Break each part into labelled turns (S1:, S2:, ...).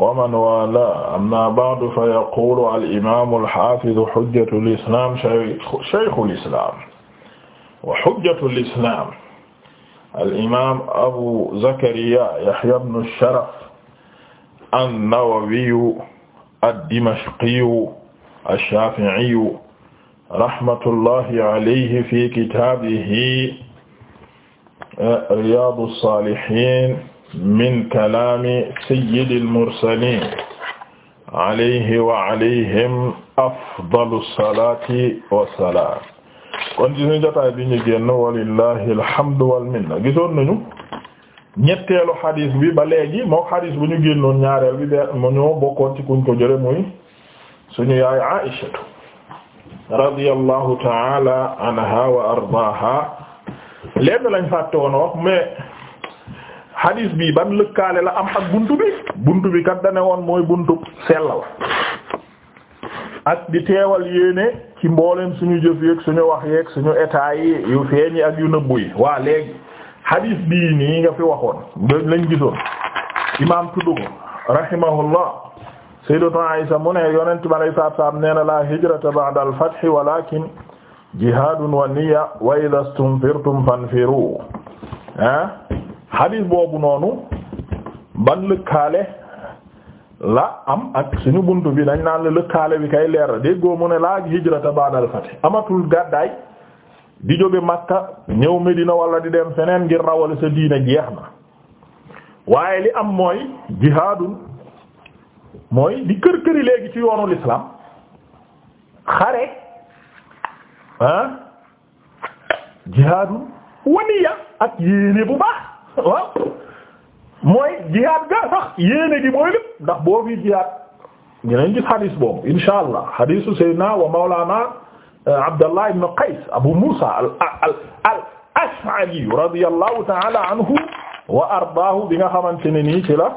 S1: waman wala amma ba'du fa yaqulu al-imaamu al-haafidu hujjatul islaam shaykhul islaam wa hujjatul islaam al-imaam abu zakariya yahya ibnu sharaf an-nawawiyu ad-dimashqiyu ash-shaafi'iyu rahmatullahi alayhi fi kitaabihi riyaadu saalihiin min kalaami sayyidil mursaliin alayhi wa alayhim afdalu salaati wa salaam kon ci suñu jotaay bi ñu génn walillahi alhamdu wal minna gisoon nañu ñetteelu xadis bi ba léegi moo xadis bu ñu génnoon ñaareel bi de mu ñoo bokkoon ci kuñ ko jële muy suñu yaay Aïshatu radiyallahu ta'ala anha wa ardaaha leen lañ fàtte woon wax mais hadis bi ban lëkkaale la am ak buntu bi buntu bi kat dane woon mooy buntu sellal ak di teewal yéene ci mboolem suñu jëf yeeg suñu wax yeeg suñu état yi yu feeñ ak yu nëbbu yi waa léegi hadis bii nii nga fi waxoon lañ gisoon imaam tuddu ko rahimahullah sayyidatu Aisha mu ne yonent bi alayhi salaatu salaam nee laa hijrata ba'da al-fath walakin jihaadun wa niyya wa idha istunfirtum fanfiru ah xadiis boobu noonu ban lëkkaale la am ak suñu bunt bi dañ naan la lëkkaale bi kay leer la déggoo mu ne laa hijrata ba'dal amatul gàddaay di jóge Makka ñëw Medina wala di dem feneen ngir rawale sa diine jeex na waaye li am mooy jihaadul mooy di kër këri léegi ci yoonu lislaam xare ah jihaadul waniya ak yéene bu baax waaw mooy jihaad ga sax yéene gi mooy lépp ndax boo fi jihaad dinañ gis xadiis boobu insha allah xadiisu Seydina wa Mawlana euh, Abdallah ibn Qays Abu Musa al al al Ash'ari radiyallahu ta'ala anhu wa ardaahu bi nga xamante ne nii ci la.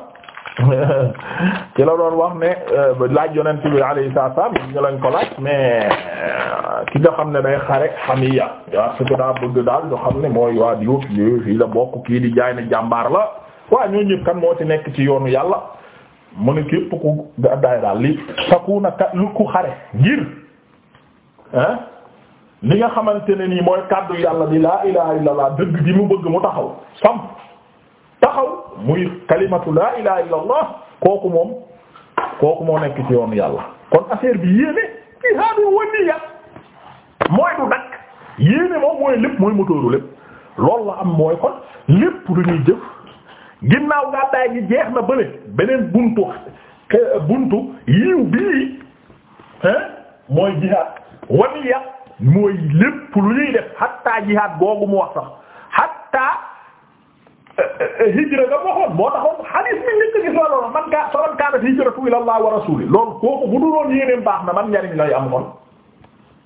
S1: ci la doon wax ne euh, laaj yonent bi alayhi salaam ñu lañ ko laaj mais euh, ki nga xam ne day xare xamiya parce que daa bëgg daal ñu xam ne mooy waa diw fii la bokk kii di jaay na jàmbaar la waa ñoo ñëpp kan moo ci nekk ci yoonu yàlla mu ne képp ku gàddaay daal li takuna ka lu ku xare ngir li nga xamante ne nii mooy kàddu yàlla bi laa ilaaha illallaah dëgg gi mu bëgg mu taxaw sam taxaw muy kalimatu laa ilaha illa allah kooku moom kooku moo nekk ci yoonu yàlla kon affaire bi yéene jihaadu wa niyya mooy du dakk yéene moom mooy lépp mooy motooru lépp loolu la am mooy kon lépp lu ñuy jëf ginnaaw gàddaay gi jeex na bële beneen buntu buntu yiw bii mooy jihaad wa niyya mooy lépp lu ñuy def xattaa jihaad googu mu wax sax xattaa hijra nga waxoon moo taxoon xadiis mi nit ñi solo man kaa solo kaanat hijratu ila Allah wa loolu kooku bu dul woon yéeneem baax na man njariñ lay am kon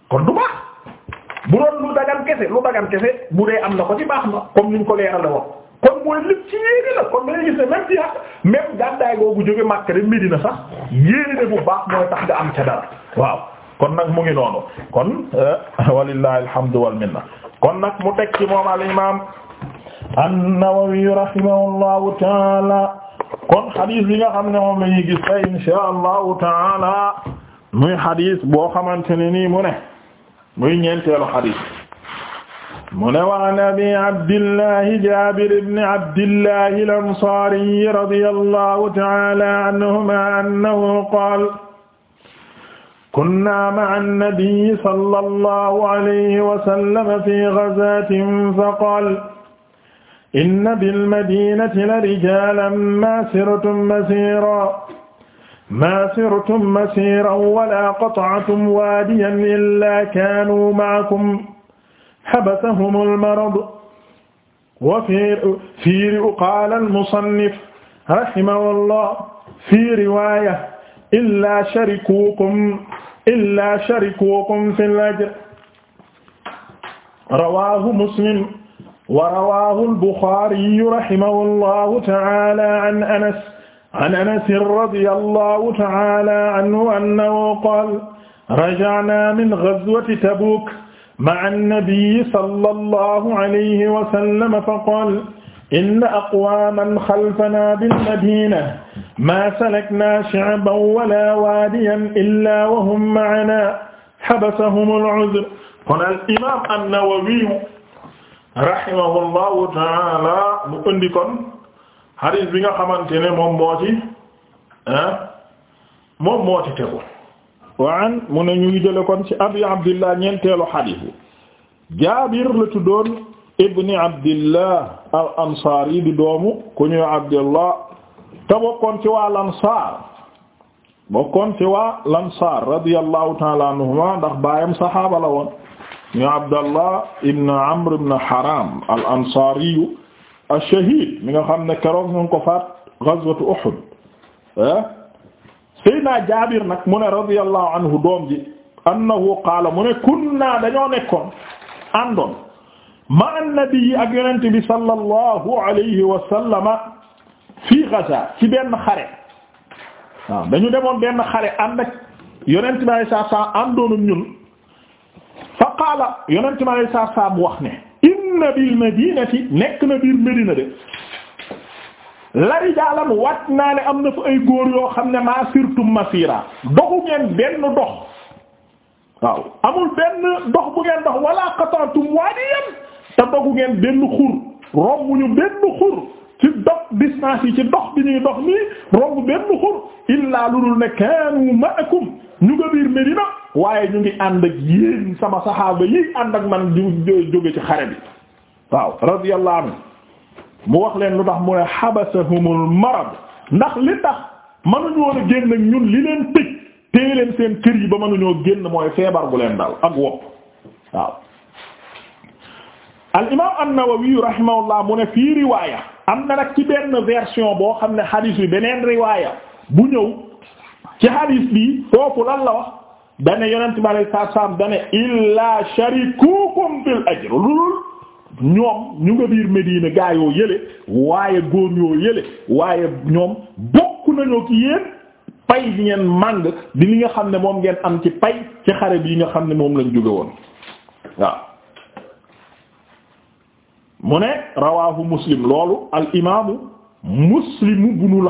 S1: kon du baax bu doon lu dagan kese lu dagan kese bu dee am na ko ci baax na comme ni ñu ko leerale woon kon mooy lépp ci yéene la kon dañuy gis ne même gàddaay googu jóge Makka de na sax yéene bu baax mooy tax nga am ca dara waaw kon nag mu ngi noonu kon euh, walillahi alhamdu wal an-Nawawi rahimahullahu taala kon xadis bi nga xam ne moom la ñuy gis tey inshaa allahu taala muy xadis boo xamante ne nii mu ne muy ñeenteelu xadis mu ne wa an abi abdillahi jabir ibn abdillahi al-ansari radiyallahu taala anhuma annahu qaala كنا مع النبي صلى الله عليه وسلم في غزاة فقال inna bilmadinati la rijalan masirtum masira masirtum masiran wala qata'tum waadiyan illa kanu ma'akum habasahum almarad wa fi qala almusannif rahimahullah fi riwaya illa sharikukum illa sharikukum fil ajr rawahu muslim wa rawaahu al-Buxaariyu rahimahullahu ta'aala an Anas an Anas radiyallahu ta'aala anhu annahu qaala raja'naa min ghazwati Tabuuk ma'a an-nabiyyi sallallahu alayhi wa sallam faqaala inna aqwaaman xalfanaa bil-madiina maa salaknaa shi'ban walaa waadiyan illaa wa hum ma'anaa habasahumul 'udhr qaala al-imaam an-Nawawi rahimahullahu taala bi nga xamante ne moom moo ci moom moo ci tegu waan mu ne ñu ngi jële kon ci abi abdillah ñeenteelu hadith bi jaabir la tuddoon ibni abdillah al ansaari di doomu ku ñuy abdillah te bokkoon ci waa lansaar bokkoon ci waa lansaar radiyallahu taala anhuma ndax baayam saxaaba ñu Abdallah ibn Amr ibn Haram al-Ansari ash-shahid mi nga xam ne keroog ñu ngi ko faat ghazwatu Uhud ah Seydina Jaabir nag mu ne radiyallahu anhu doom ji annahu qaala mu ne kunna dañoo nekkoon àndoon ma an-nabi ak yonent bi sallallahu alayhi wa sallama fii Gaza ci benn xare waaw dañu demoon benn xare ànd ak yonent bi sallallahu alayhi wa sallam àndoon ñun qaala yonent ma lay wax ne inna bil madinati nekk na biir Medina de la rijaalan wat naa ne am na fa ay góor yoo xam ne maa sirtum masira doxu ngeen benn dox waaw amul benn dox bu ngeen dox wala qata'tum waadiyan te doxu ngeen benn xur rombuñu benn xur ci dox distance yi ci dox bi ñuy dox nii romb benn xur illaa lu dul ne kaanu ma'akum ñu nga biir Medina waaye ñu ngi ànd ak yéen sama saxaaba yi ànd ak man jóge ci xare bi waaw radiyallahu anhu mu wax leen lu tax mu ne xabasahumul marad ndax li tax mënuñu woon a génn ak ñun li leen tëj téye leen seen kër yi ba mënuñoo génn mooy feebar gu leen dal ak wopp waaw al imaam an-Nawawi rahimahullah mu ne fii riwaaya am na nag ci benn version boo xam ne xadiis bi beneen riwaaya bu ñëw ci xadiis bi foofu lan la wax dane yonent bi alayhi salaatu salaam dane illaa sharikukum fil ajr ñoom ñu nga biir Medina gaa yoo waaye góor yoo yële waaye ñoom bokk nañoo ci yéen pay bi ngeen màng di li nga xam ne moom ngeen am ci pay ci xare bi nga xam ne moom lañ jóge woon waaw mu ne rawaahu muslim loolu al imaamu muslim ibnul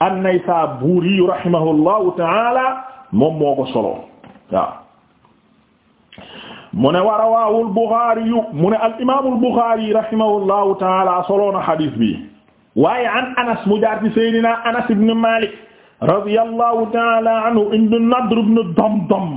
S1: an-Naysaburi rahimahullahu ta'ala moom moo ko solo waaw mu ne wa rawahu al-Bukhari mu ne al-imam al-Bukhari rahimahullahu ta'ala solo na hadith bi waaye an Anas mu jaar ci Seydina Anas ibn Malik radiyallahu ta'ala anhu inda Nadr ibn Damdam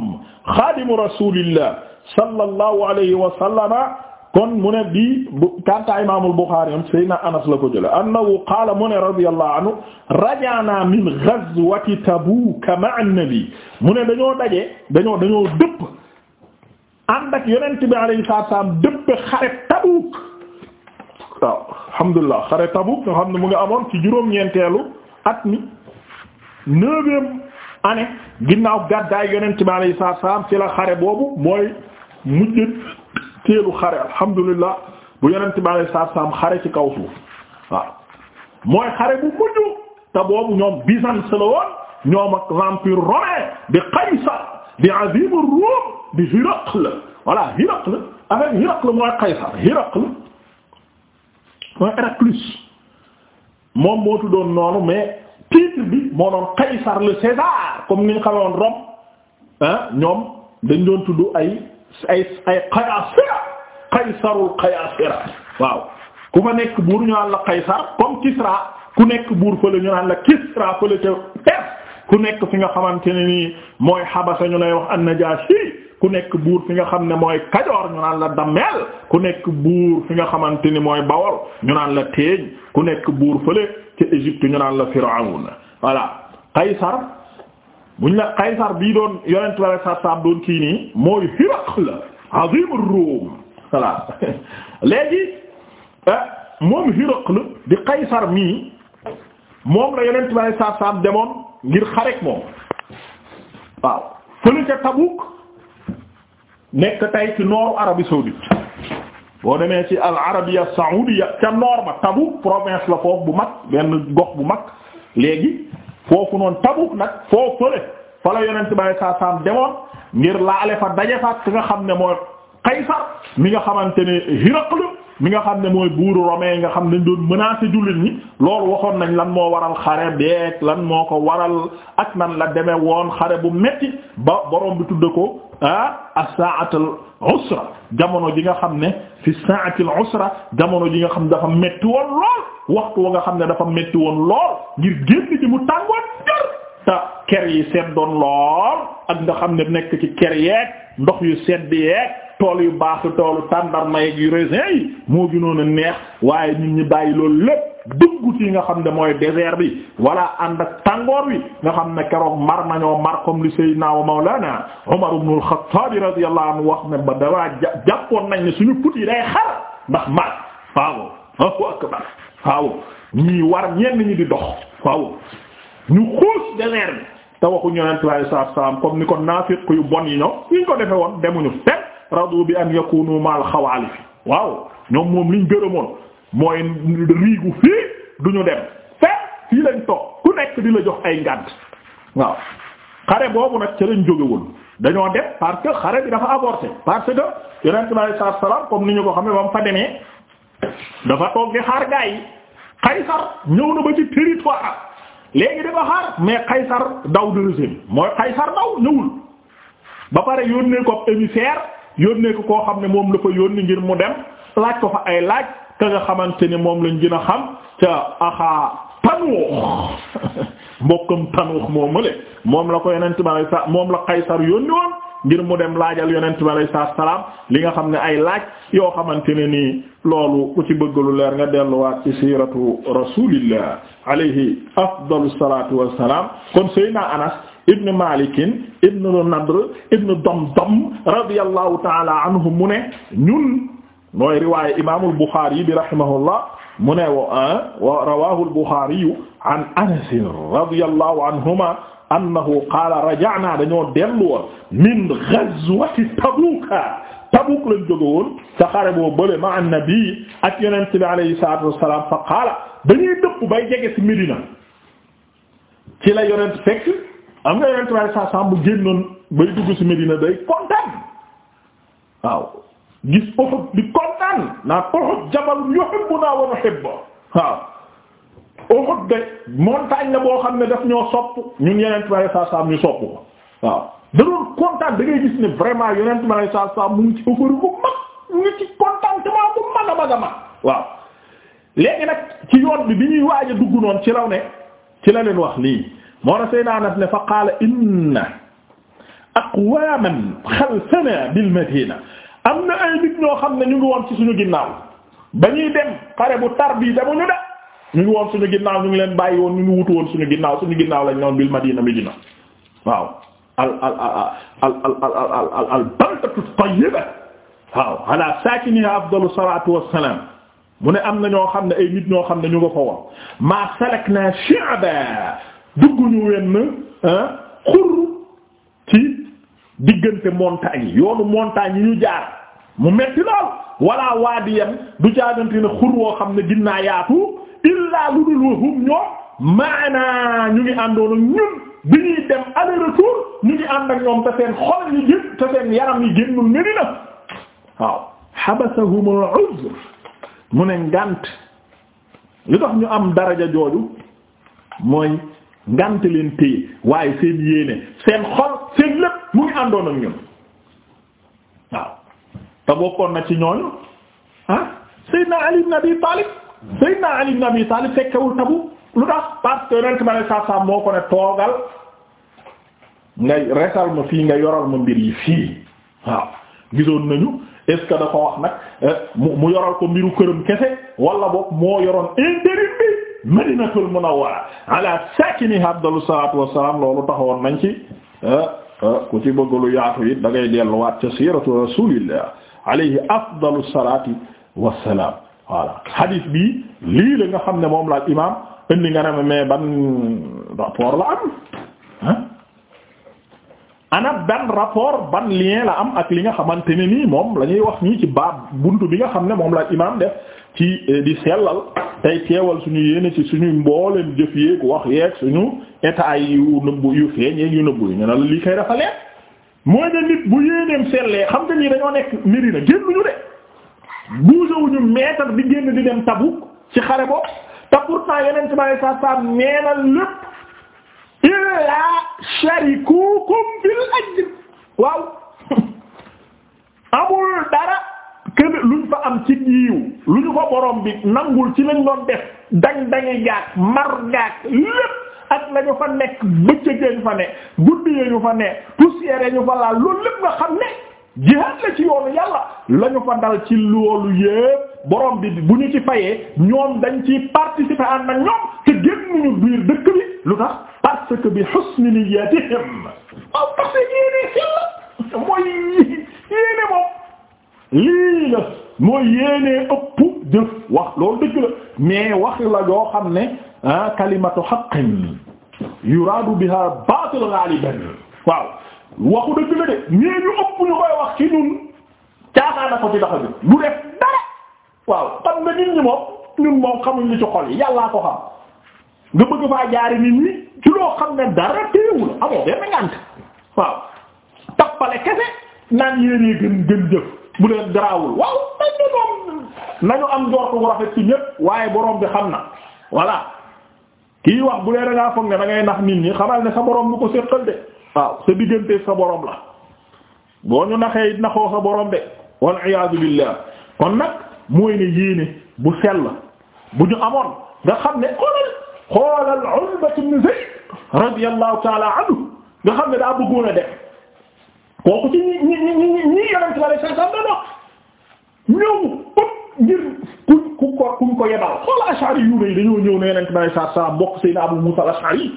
S1: khadim rasulillah sallallahu alayhi wa sallama kon mu ne bii bu kanta imaamul Buxaari yam Anas la ko jële annahu qaala mu ne radiyallahu anhu rajaana min ghazwati Tabuuk ma'a nabi mu ne dañoo daje dañoo dañoo dëpp ànd ak yonent bi alayhi salaam dëpp xare Tabuuk alhamdulillah xare Tabuuk xam ne mu ngi amoon ci juróom-ñeenteelu at mi neuvième année ginnaaw gàddaay yonent bi alayhi salaam ci la xare boobu mooy mujj teelu xare alhamdulillah bu yonent bi alayhi salaatu salaam xare ci kaw suuf waaw mooy xare bu mujj te boobu ñoom Byzance la woon ñoom ak l'empire romain di Qaysar di azim ar di Hiraql voilà Hiraql avec Hiraql mooy Qaysar Hiraql mooy Héraclius moom moo tuddoon noonu mais titre bi moo doon Qaysar le César comme ni ñu xamee woon ah ñoom dañ doon tudd ay. ay ay qayaasira qaysarul qayaasira waaw ku fa nekk buur ñu naan la qaysar comme Kisra ku nekk buur fële ñu naan la Kisra fële te Perse ku nekk fi nga xamante ne nii mooy xabasa ñu ne wax an-Najashi ku nekk buur fi nga xam ne mooy Kajoor ñu naan la Damel ku nekk buur fi nga xamante ni mooy Bawol ñu naan la Teeñ ku nekk buur fële ca Égypte ñu naan la Firawun voilà Qaysar buñ la Qaysar bii doon yonent la rek saab doon kii nii mooy Hiraql azim ar-Rum léegi eh, moom Hiraql di Qaysar mii moom la yonent la rek saab demoon ngir xarek moom waaw fële ca Tabuk nekk tey ci nooru Arabie saoudite boo demee ci al Arabia saoudia ca noor ba Tabuk province la foofu bu mag benn gox bu mag léegi foofu noon Tabuk nag foo fële fa la yonent bay saa demoon ngir laale fa daje fa ki nga xam ne mooy Qaysar mi nga xamante ne Hiraql mi nga xam ne mooy buuru romain nga xam ne dañ doon menacer jullit ñi loolu waxoon nañ lan moo waral xare beek lan moo ko waral ak nan la demee woon xare bu metti ba borom bi tudde ko ah as-sa'atul usra jamono ji nga xam ne fi sa'atil usra jamono ji nga xam ne dafa metti woon lool waxtu wa nga xam ne dafa metti woon lool ngir génn ji mu tàngoon jër te ker yi sedd doon lool ak nga xam ne nekk ci ker yeeg ndox yu sedd yeeg tool yu baax toolu tàndarma yeeg yu raisin yi moo gënoon a neex waaye nit ñi bàyyi lépp dugg ci nga xam ne mooy désert bi walla ànd ak tàngoor wi nga xam ne keroog mar nañoo mar comme li Seydina wa Mawlana Umar ibn al-Khattab radiyallahu wax ne ba dawaa jàppoon nañ ne suñu put yi day xar ndax mar waaw Allahu war ñenn ñi di dox waaw ñu xuus désert bi te waxu yonent bi sallallahu comme ni ko naafiq yu bon yi ñoo ñu ko defe woon demuñu fet radu bi an yakunu ma'al xawaalif waaw ñoom moom liñ gërëmoon mooy riigu fii duñu dem fet fii lañ toog ku nekk di la jox ay ngànt waaw xare boobu nag ci lañ jógewul dañoo dem parce que xare bi dafa avorté parce que yonent bi alayhi salaatu salaam comme ni ñu ko xamee ba mu fa demee dafa toog di xaar gaa yi Qaysar ñëw na ba ci territoire léegi dafa xaar mais Qaysar daw deuxième mooy Qaysar daw ñëwul ba pare yónnee ko émissaire yónnee ko koo xam ne moom la fa yónni ngir mu dem laaj ko fa ay laaj ka nga xamante ne moom lañu gën a xam ca axaa tanuux mbokkam tanuux moom la ko moom la Qaysar yónni woon ngir mu dem laajal yonent bi alay sa salaam li nga xam ne ay laaj yoo xamante ne nii loolu ku ci bëgg lu leer nga delluwaat ci siiratu rasuulillah alayhi afdalu salaatu wassalaam kon Seydina Anas ibn Malik ibn Nadr ibn Damdam radiyallahu ta'ala anhu mu ne ñun mooy riwaaya imaamul Buxaari bi rahimahullah mu ne wa ah, rawaahu al-Buxaari an Anas radiyallahu anhuma annahu qaala raja'naa dañoo dellu woon min ghazwati Tabuuk Tabuuk lañ jóge woon sa xare boo bële ma an-nabi ak yonent bi alayhi salaatu wa salaam fa qaala dañuy dëpp bay jege ci Medina ci la yonent fekk am nga yonent bi alayhi salaam bu génnoon bay dugg ci Medina day kontaan waaw. gis Uhud di kontaan naan Uhud jabalun yuhibbuna wa nuhibbu waaw Uhud de montagne la boo xam ne daf ñoo sopp ñun yeneen tubaab yi saa saa ñu sopp ko waaw da doon kontaan da ngay gis ne vraiment yeneen tubaab yi saa saa mu ngi ci offre bu mag mu ngi ci contentement bu mag a mag a mag waaw. léegi nag ci yoon bi bi ñuy waaj a dugg noonu ci law ne ci la leen wax lii moo na Seydina Anas ne fa qaala inna aqwaman xalfana bil madina am na ay nit ñoo xam ne ñu ngi woon ci suñu ginnaaw ba ñuy dem xare bu tar bii demuñu da ñu ngi woon suñu ginnaaw ñu ngi leen bàyyi woon ñu ngi wutu woon suñu ginnaaw suñu ginnaaw lañ noon bil madina medina waaw al al al al al al al baldatu tayyiba waaw ala saakiniha afdalu salaatu wassalaam mu ne am na ñoo xam ne ay nit ñoo xam ne ñu nga fa woon maa salakna shi'ba dugguñu wenn xur diggante montagne yoonu montagne yi ñu jaar mu metti lool walla waadiyan du jaagante ne xur woo xam ne ginnaa yaatu illaa lu dul wahum ñoo maanaa ñu ngi àndoon ak ñun bi ñuy dem aller retour ñu ngi ànd ak ñoom te seen xol yi génn te seen yaram yi génnul Medina waaw habasahum uzr mu ne ngànt li tax ñu am daraja jooju mooy ngànt leen téye waaye seen yéene seen xol seen lépp mu àndoon ak ñun waaw te bokkoon na ci ñooñu ah na Ali ibn Abi Talib Seydina Ali ibn Abi Talib fekkewul tabu lu tax parce que rent ma ne saab moo ko ne toogal ngay resal ma fii nga yoral ma mbir yi fii waaw gisoon nañu est ce que dafa wax nag eh, mu yoral ko mbiru këram kese wala boog moo yoroon intérim bi madinatul munawwara ala sakiniha afdalu salaatu wassalaam loolu taxawoon nañ ci eh, eh, ku ci bëgg yaatu it da ngay delluwaat ca siiratu rasulillah alayhi afdalu salaati wassalaam voilà hadith bi lii la nga xam ne moom la ak imaam indi nga ne mais ban rapport la am ah ana ban rapport ban lien la am ak li nga xamante ne nii moom lañuy wax nii ci baab buntu bi nga xam ne moom la ak imaam def. ci eh, di sellal tey teewal suñu yéene ci suñu mbooleem jëf yeeg wax yeeg suñu état yu nëbbu yu feeñ yeeg yu nëbbu yi ñu ne la kay dafa mooy ne nit bu yéeneem sellee xam nga ni dañoo nekk mbiri na génnuñu de buusewuñu meetar di génn di dem tabu ci xare bo te pourtant yeneen ci bari sa sa neenal lépp illa sharikukum fil waaw amul dara kër luñ fa am ci yiw lu ñu ko borom bi nangul ci lañ doon def dañ dañu gaag mar gaag lépp ak la fa nekk bëccëgee ñu fa ne guddi ñu fa ne poussière ñu fa laal loolu lépp nga xam ne jihaad la ci yoonu yàlla la fa dal ci loolu yépp boroom bi bu ñu ci fayee ñoom dañ ci participer ànd ak ñoom te génnuñu biir dëkk bi lu tax parce bi husni niyyatihim waaw parce que yéene xel mooy moom. lii la mooy yéenee ëpp jëf wax loolu dëgg la mais wax la yoo xam ne ah kalimatu haqqin yuraadu biha baatil ghaliban waaw waxu dëgg la de mais ñu ëpp ñu koy wax ci ñun ko ci dafa bi bu def dara waaw xam nga nit ñi moom ñun moom xamuñ li ci xol yi yàllaa ko xam nga bëgg faa jaari nit ñi ci loo xam ne dara téewul amoo benn ngànt waaw tappale kese naan yéenee gën gën jëf bu leen garaawul waaw nañu am njortu rafet ci ñépp waaye boroom bi xam na voilà kii wax bu leen da ngaa foog ne da ngay nax nit ñi xamal ne sa borom bu ko seqal de waaw sa diggante sa borom la boo ñu naxee naxoo sa borom de wal iyaadu billah kon nag mooy ne yéene bu sell bu ñu amoon nga xam ne xoolal xoolal Ulbatu ibn Zayd radiyallahu ta'ala anhu nga xam ne daa bëggoon a def kooku ci ñi ñi ñi ñi ñi yonent bi alayhi salaam doon wax ñëw ëpp ngir ku ku ko kuñ ko yebal xool ashari yu ne dañoo ñëw ne yonent bi alayhi salaam bokk Seydina Abu Musa al-Ashari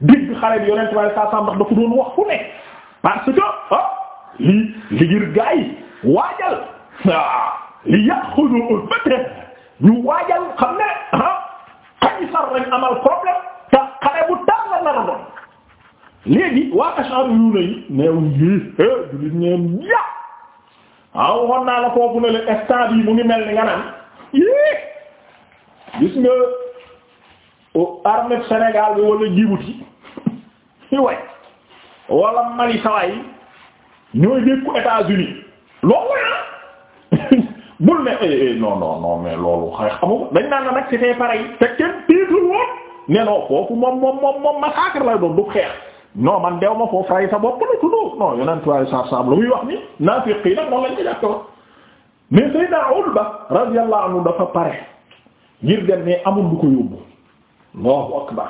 S1: digg xale bi yonent bi alayhi salaam ndax dafa doon wax fu ne parce que ah, ah li li ngir gaa yi waajal li yàqulu ulfata ñu waajal xam ne ah Qaysar lañ amal problème te xale bu tàng la nar a doon léegi waa Ash'ari yu ne yi neewuñ lii jullit ñeen ya waaw ah, waxoon naa la kooku ne le instant bi mu ngi mel ni nga naan gis nga armée Sénégal bi wala Djibouti i way wala Mali sawaay ñooy dékku États-Unis loolu ne eh, eh, eh, non non mais loolu xamu dañ naan la nag c'était pareil te kenn tiitul woon ne non moom moom moom moom massacre lay doon du xeex non man dew ma foofu ray sa bopp la tudd non yonent waaye saab muy wax ni naafiq yi nag noonu lañ dafa pare ngir dem ne amul du ko yóbbu Allahu akbar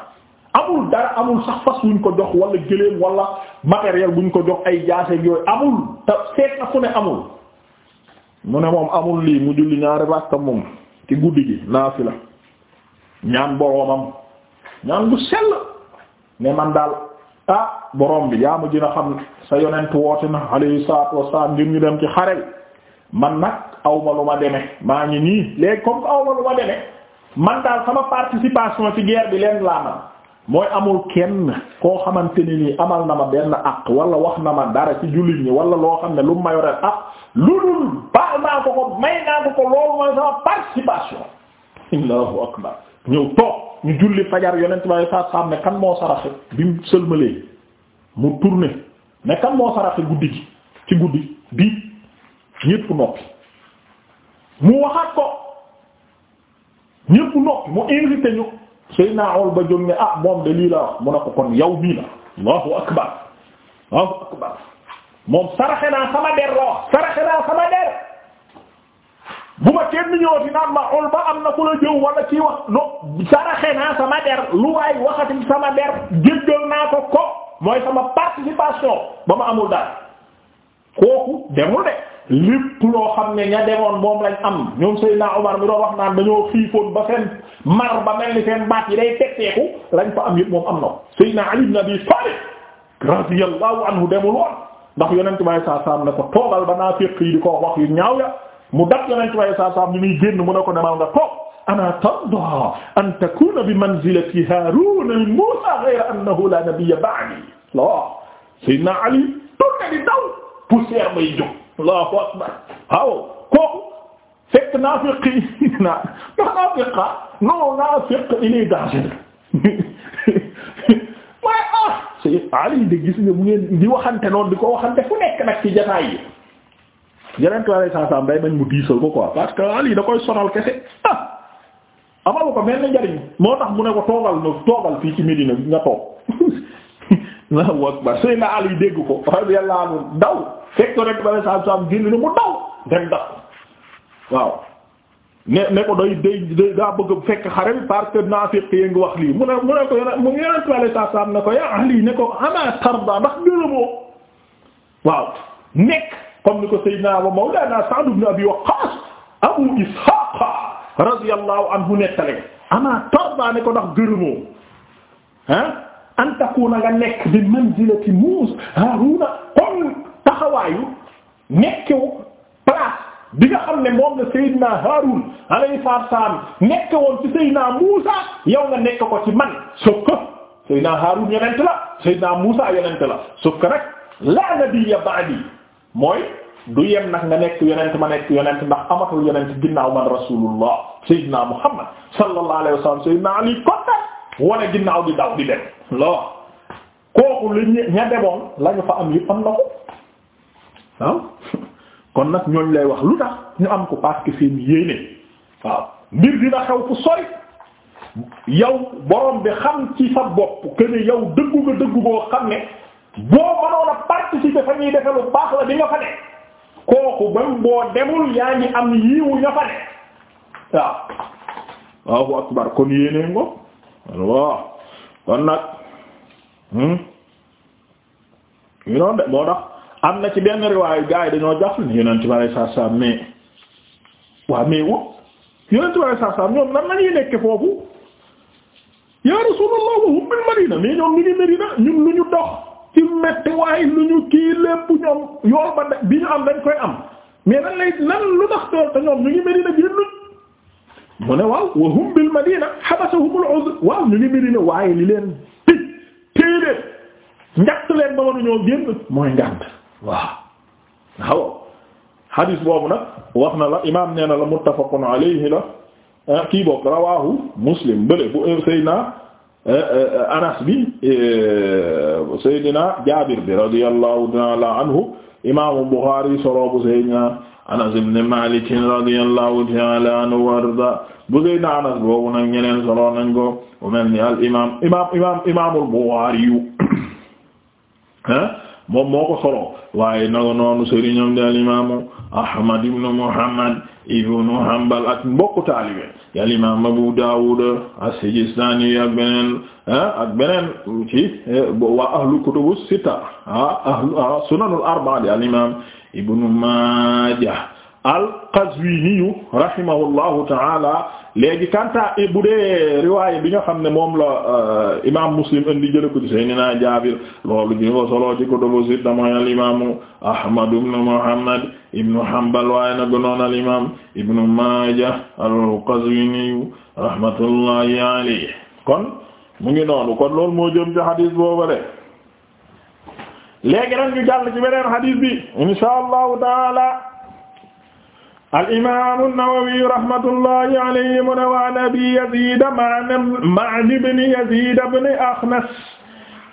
S1: amul dara amul sax fas buñ ko jox wala gëléem wala matériel buñ ko jox ay jaaseeg yooyu amul te seet na fu ne amul mu ne moom amul lii mu julli ñaari rakka moom ci guddi gi naafila ñaan boroomam ñaan bu sell ne man daal ah borom bi yaa ma gën a xam sa yonent woote na alayhi salaatu wassalaam ngir ñu dem ci xare man nag awma lu ma demee maa ngi nii léegi comme aw ma lu ma demee man daal sama participation ci guerre bi leen laa man mooy amul kenn koo xamante ni nii amal na ma benn àq wala wax na ma dara ci jullit ñi wala loo xam ne lu ma yoreel lu dul baal naa ko ko may naa ko ko loolu mooy sama participation. Allahu akbar ñëw toog. ñu julli fajar yonent bay faat saam ne kan moo saraxe bi mu sëlmalee mu tourné ne moo saraxe guddi gi ci guddi bi ñépp noppi mu waxaat ko ñépp noppi mu invité ñu sëy naa ol ba jóg ne ah moom de lii la wax mu ne ko kon yow mii la allahu akbar allahu akbar moom saraxe naa sama der la saraxe naa sama der bu ma kenn ñëwati naan ma ol ba am na ku la jëw wala ci wax no saraxe naa sama der lu waay waxati sama der jéggal naa ko ko mooy sama participation ba ma amul dara kooku demul de lépp loo xam ne ña demoon moom lañ am ñoom Seydina Omar mi doon wax naan dañoo xiifoon ba seen mar ba mel ni seen baat yi day tegteeku lañ fa am yëpp moom am na ko Seydina Ali ibn Abi Talib radiyallahu anhu demul woon ndax yonent bi sallallahu alayhi wasallam ne ko toogal ba ñaaw ya mu dab yonent waaye saa saa a muy génn mu ne ko demal nga toog ana tarda an takuna bi manzilati Haarun li Muusaa ghayra annahu la nabiyya ba'di la Sayyidina Ali toog di daw poussière bay jóg Allahu akbar waaw kooku fekk naafiq yi naa ndax naafiq ah non naafiq il est dangereux waaye ah Sayyid Ali de gis nga mu ngeen di waxante noonu di ko waxante fu nekk nag ci jotaay yeneen tuwaay saa saa day bañ mu diisal ko quoi parce que Ali ah da koy sonal kese ah amalu ko mel ni njariñ moo tax mu ne ko toogal na toogal fii ci Medina bi nga toog naa wax ba sëy na Ali dégg ko radiyallahu anhu daw fekk ko rek ba saa saa mu génn mu daw dem ne ne ko day day daa bëgg fekk xare bi parce que naafiq yi ngi wax lii mu ne mu ne ko mu ngi yeneen tuwaay saa saa ne ko yaa ne ko ama tarda ndax gërëmoo waaw nekk. comme ni ko Seydina wa Mawlana Sa'd ibn Abi Waqqas Abu Ishaq radiyallahu anhu nettale ama tarda ne ko ndax gërëmoo ah an takuna nga nekk bi manzilati Muusa Haaruna kon taxawaayu nekkewu place bi nga xam ne moom la Seydina Haarun alayhi salaam nekk woon ci Seydina Muusa yow nga nekk ko ci man sauf que Seydina Haarun yonent la Seydina Muusa yonent la sauf que nag la nabiyya ba'di mooy du yem nag nga nekk yonent ma nekk yonent ndax amatul yonent ginnaaw man rasulullah sayyidina muhammad sallallahu alayhi wasallam sayyidina ali konta wane ginnaaw di daw di dem loo kooku li ña demoon lañu fa am yëpp am na ko kon nag ñooñ lay wax lu tax ñu am ko parce que seen yéene waaw mbir dina xew fu sori yow borom bi xam ci sa bopp que ne yow dëggu nga dëggu boo xam ne boo mënoon a participer fa ñuy defe lu baax la di nga fa ne kooku bam boo demul yaa ngi am yiwu ña fa ne waaw Allahu akbar kon yéenee ngo Allah kon nag yu hmm? noonu de moo tax am na ci benn riwaayu gars yi dañoo jàppale ne yonent bi sallallahu alayhi wasallam mais waa mais wut yonent bi sallallahu alayhi wasallam ñoom nan lañuy nekk foofu yaa Rasulullah wa hum bil Madina mais ñoom ñu ngi Madina ñun lu ñu dox ci metti waaye lu ñu kii lépp ñoom yool ba bi ñu am dañ koy am mais nan lay nan lu tax tool ñoom ñu ngi Medina génnuñ mu ne waaw wa hum bil Madina habasahumul uzr waaw ñu ngi Medina waaye li leen tij téydée njatt leen ba mënuñoo génn mooy ngànt waaw waaw hadis boobu nag wax na la imaam nee na la muttafaqun alayhi la kii bokk rawahu Muslim bële bu Seydina Eh, eh, anas bi eh, Seydina Jaabir bi radiyallahu ta'ala anhu imaamu Buxaari solo bu Seydina Anas ibn Maalik radiyallahu ta'ala anhu warda bu Seydina Anas boobu nag ñeneen solo nañ ko mel ni al imaam imaam imaam imaamul Buxaari yu ah moom moo ko solo waaye nag noonu sëriñam di al imaamu ahmad ibnu muhammad ibnu hanbal ak mbokku taalibe di al imaam abu daawud as-sijistaani ak beneen eh, ak beneen ci eh, wa ahlu kutubu sitta ah ahlu ah, sunanul arba'a di al imaam ibnu maajah al qazwiiniyu rahimahullahu ta'ala léegi kanta bu dee bi nga xam ne moom la euh, imaam muslim indi jële ko ci seydina jaabir loolu ñu ko solo ci kutubu sitta mooy al imaamu ahmad ibnu muhammad ibnu hanbal waaye na al imaam ibnu maaja al qazwini rahmatullahi alayhi kon mu ngi noonu kon loolu moo jëm ci xadiis boobu de léegi ci beneen xadiis bi insha allahu taala alimamu nnawawiyu rahmatullahi alayhi mu ne waan abi yazida manam ma'n ibn yazid ibn akhnas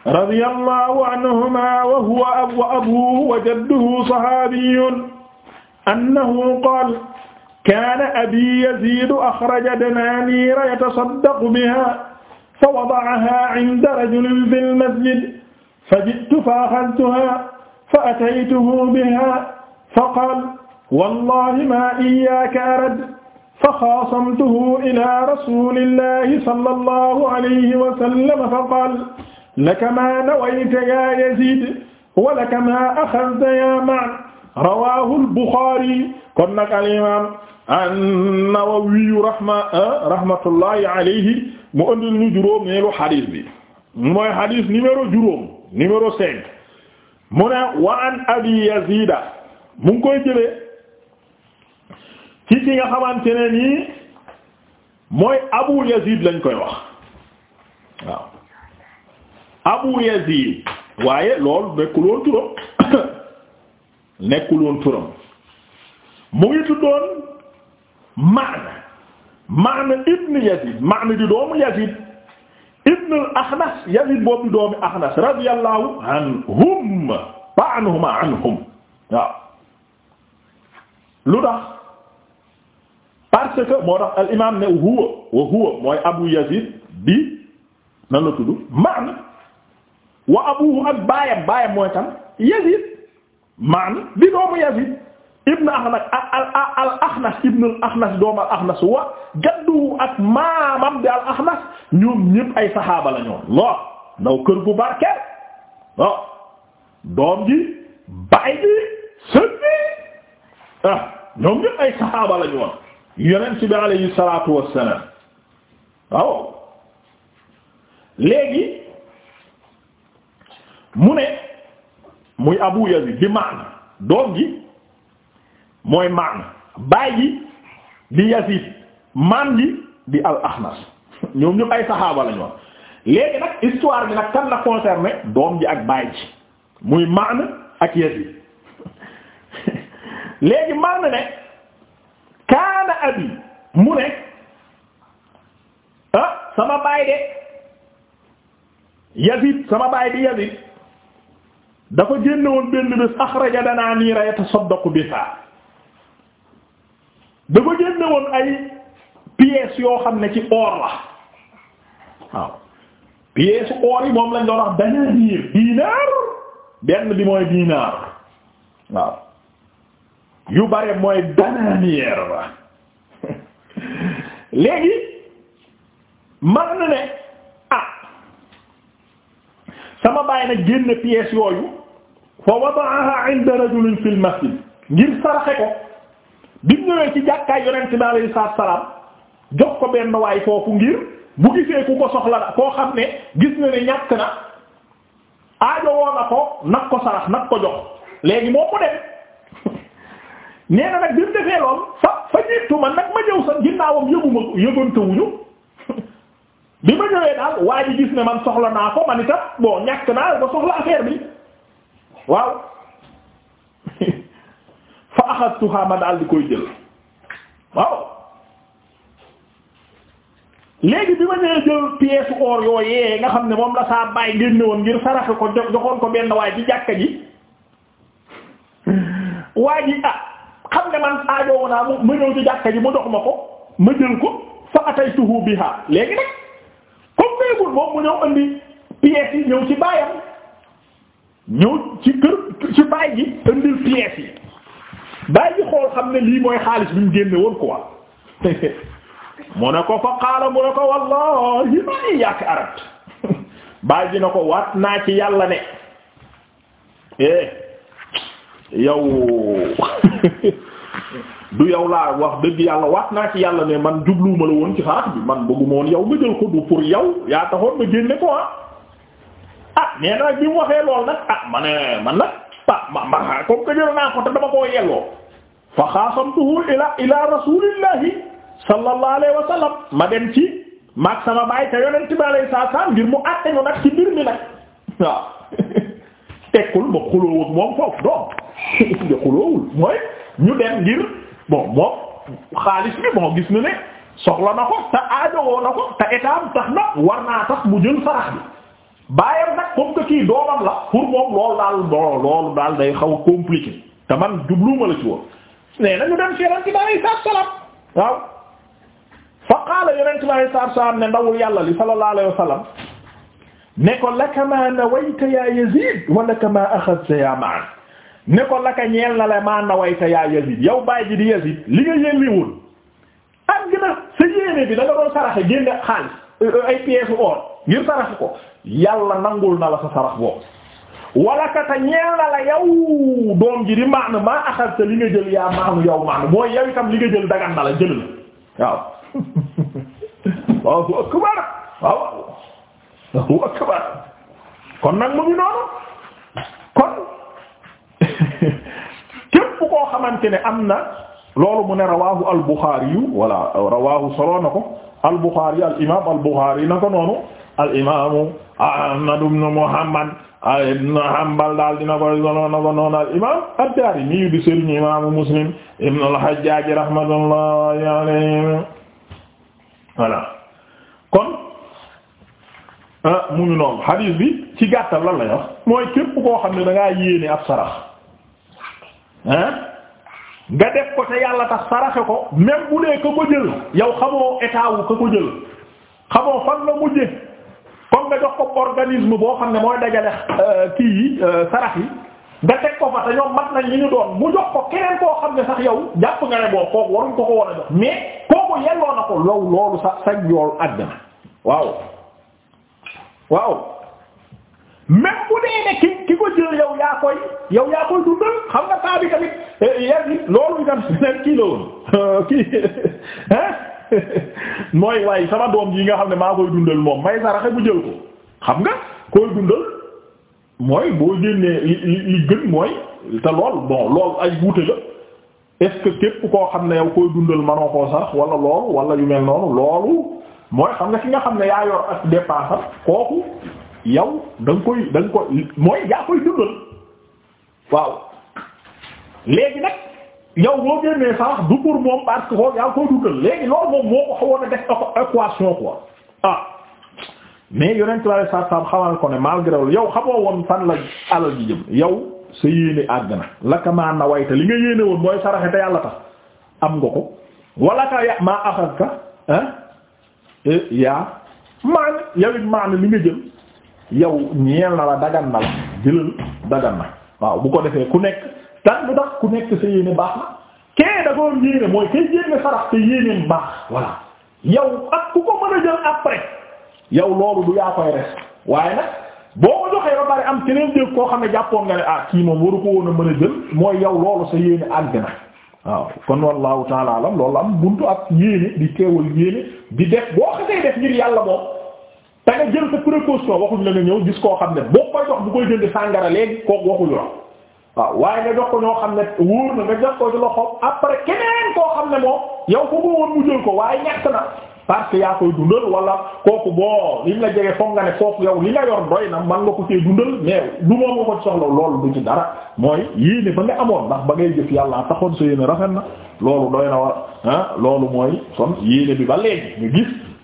S1: radiyallahu anhuma wa huwa wa abuhu wa jadduhu sahaabiyun annahu qaala kaana abi yazid akhraja danaaniira yatasaddaqu bihaa fawada'ahaa 'inda rajulin fil masjid faji'tu fa akhadhtuhaa fa ataytuhu bihaa faqaala wallahi ma iyyaka arad fa xaasamtuhu ila rasulillahi sallallahu alayhi wa sallam fa qaal laka ma nawayta ya yazid wa laka ma axadta ya ma'in rawahu al-buxaari kon nag al-imaam an-nawawi rahma ah, rahmatullahi alayhi mu andil ñu juróom ñeelu xadis bi mooy xadis numéro juróom numéro cinq mu ne wa an abi yazida mu ngi koy jëlee ci ki nga xamante ne nii mooy Abu Yazid lañ koy wax waaw Abu waaye loolu nekkul woon turam nekkul woon turam mu ngi tuddoon Ma'na Ma'na ibn Yazid Ma'na di doomu Yazid ibn al-Akhnas boobu di doomu Akhnas radiyallahu anhum ba anhuma anhum waaw lu tax parce que moo tax al imaam ne huwa wa huwa mooy abu yazid bi nan la tudd maan wa abuhu ak baayam baayam mooy tam yazid maan di doomu yazid ibn ahnas al ahnas ibn al ahnas doomu al ahnas wa gaddu ak maamam di al ahnas ñoom ñépp ay saxaaba la ñoon lo ndaw kër bu barkeel lo doom ji baay ji sët bi ah ñoom ñépp ay saxaaba la ñoon yonent bi alayhi salaatu wassalaam waaw léegi mu ne muy Abu Yazid di Ma'n doom gi mooy Ma'n baay gi di Yazid maam gi di al-Axnas ñoom ñëpp ay saxaaba la ñoon léegi nag histoire bi nag kan la concerné doom ji ak baay ji muy Ma'n ak Yazid léegi Ma'n ne kaana abi mu ne ah sama baay de Yazid sama baay di Yazid dafa génne woon benn bés axraja danaa niira yatasaddaqu biha dafa génne woon ay pièces yoo xam ne ci or la waaw pièces or yi moom lañ doon wax danaa niir diinaar benn bi mooy diinaar waaw yu bare mooy danaa niir léegi man na ne ah sama baay nag génn pièce yooyu fa wada'aha 'inda rajulin fil masjid ngir saraxe ko bi mu ñëwee ci jàkkaay yonent bi alayhi salaam jox ko benn waay foofu ngir bu gisee ku ko soxla na koo xam ne gis na ne ñàkk na aajo woo na ko nag ko sarax nag ko jox léegi moo ko dem nee na nag bi mu defee lool fa fa jiitu man nag ma ñëw sax ginnaawam yëgu ma yëgante bi ma ñëwee daal waa ji gis ne man soxla naa ko man itam bon ñàkk naa ba soxla affaire bi waaw fa axastuha ma daal di koy jël waaw léegi bi ma ñëwee jël pièce or yooyee nga xam ne moom la saa bàyyi génne woon ngir saraxe ko joxoon ko benn waaye ci jàkka ji waa ji ah xam ne man aajo naa mu ma ñëw ci jàkka ji mu dox ma ko ma jël ko fa ataytuhu biha léegi nag comme néegul moom mu ñëw andi pièces yi ñëw ci baayam ñëw ci kër ci baay ji andil pièces yi baay ji xool xam ne lii mooy xaalis bi mu génne woon quoi mu ne ko fa qaala mu ne ko wallahi maa ngi yàq arat baay ji na ko waat naa ci yàlla ne eh yow du yow laa wax dëgg yàlla wax naa ci yàlla ne man jubluwuma la woon ci xalaat bi man bëgguma woon yow ma jël ko du pour yow yaa taxoon ma génne ko ah ah nag bi mu waxee lool nag ah ma ne man nag ma ma comme que jël ko te dama koo yelloo fa xaasamtuhu ila ila rasulillahi sallallahu alayhi wa ma dem ci maag sama baay te yonent bi alayhi salaam ngir mu àtte ñu nag ci mbir mi nag tekkul ma xuloo ak moom foofu doom de xuloowul mooy ñu dem ngir bon moom xaalis bi bon gis na ne soxla na ko te aajowoo na ko te état tax na war naa tax mu jël sarax bi baayam nag comme que kii doomam la pour moom loolu daal doo loolu daal day xaw a compliqué te man jubluuma la ci woon nee na ñu dem ci yonent bi alayhi salaam waaw fa qaala yonent bi alayhi salaatu salaam ne ndawul yàlla li sallallahu alayhi ne ko laka maa nawayta yaa Yaziid wa laka maa axadta yaa ne ko laka ñeel na la maa nawayta yaa Yazid yow baay ji di Yazid li nga yéene woon àgg na sa yéene bi da nga doon saraxe génne xaalis euh, ay pièces or ngir saraxe ko yàlla nangul na la sa sarax boobu. wala ka ta ñeel na la yow doom ji di maanu maa axal sa li nga jël yaa maanu yow maanu mooy yow itam li nga jël dagan na la jël la waaw. waaw akbar waaw akbar kon nag mu ngi noonu kon. xamante ne am na loolu mu ne rawaahu al-Bukhari rawaahu solo na ko al-Bukhari al na ko noonu al Ahmad ibn Muhammad ibn Hanbal daal dina ko solo na noonu al-imaam ad di sëriñ imaamu Muslim ibn al-Hajjaaj rahmatullahi alayhi kon ah, mu ngi noonu hadith bi ci gàttal la wax mooy képp koo xam ne da yéene ab sarax ah. nga def ko te yàlla tax saraxe ko même bu dee ka ko jël yow xamoo état wu ka ko jël xamoo fan la mujje comme nga jox ko organisme boo xam ne mooy dajale euh, kii yi euh, sarax yi nga teg ko fa te ñoom mat nañ li ñu doon mu jox ko keneen koo xam ne sax yow jàpp nga ne boo kooku waruñ ko ko war a jox mais kooku yelloo na ko loolu loolu sax sa yool àgg na waaw waaw même bu dee ne ki ki ko jël yow yaa koy yow yaa koy dundal xam nga saa bi tamit eh, yéen loolu itam seen kii la woon mooy waaye sama doom ji nga xam ne maa koy dundal moom may saraxe bu jël ko xam nga koy dundal mooy boo génnee li li gën mooy te lool bon lool ay wuute la est-ce que képp koo xam ne yow koy dundal manoo koo sarax wala loolu wala yu mel noonu loolu mooy xam nga ki nga xam ne yaa yor ak dépense kooku. yow da nga koy da nga ko mooy yaa koy dundal waaw léegi nag yow boo génnee sarax du pour moom parce que koo yaa koy dundal léegi loolu moom moo ko xawoon a def équation quoi ah mais yonent la sa sam xamal ko ne malgré loolu yow xamoo woon fan la alal maa na li nga yéene woon mooy saraxe te nga ko maa axal ah, eh, li nga jël yow ñeel na la dagan na la jëlal dagan na waaw bu ko defee ku nekk tan bu tax ku nekk sa yéene baax na kee da koon yéene mooy kay yéene sarax te yéeneen baax voilà yow ak ku ko mën a jël après yow loolu du yaa koy res waaye nag boo ko joxee ba bari am keneen dégg koo xam ne jàppoo nga ne ah kii moom waru ko woon a mën a jël mooy yow loolu sa yéene àgg na waaw kon wallahu taala alam loolu am buntu ak yéene di teewal yéene di def boo xasee def ngir te nga jël sa précaution waxuñ la nga ñëw gis koo xam ne boo koy dox bu koy jënd sàngara léegi kooku waxuñu la waaw waaye nga jox ko ñoo xam ne wóor na nga jox ko ci loxoom après keneen koo xam ne moom yow ko woon mu jël ko waaye ñàkk na parce yaa koy dundal wala kooku boo li nga jege foog nga ne kooku yow li nga yor doy na man nga ko cee dundal mais du moom nga ko soxla loolu du ci dara mooy yéene ba nga amoon ndax ba ngay jëf yàlla taxoon sa yéene rafet na loolu doy na ah loolu mooy kon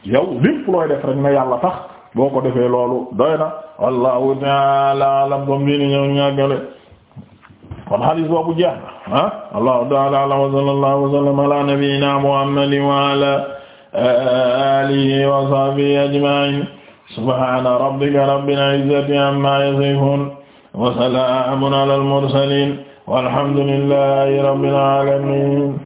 S1: yow lépp looy def rek na yàlla tax boo ko defee loolu doy na wallahu ta'ala alam comme bi ni ñëw ñàggale kon hadis boobu jeex na ah wallahu ta'ala alam wa sallallahu wa sallam ala nabiyyina muhammadin wa ala alihi wa sahbihi ajma'in subhana rabbika rabbil izzati amma yasifun wa salamun ala al mursalin walhamdulillahi rabbil alamin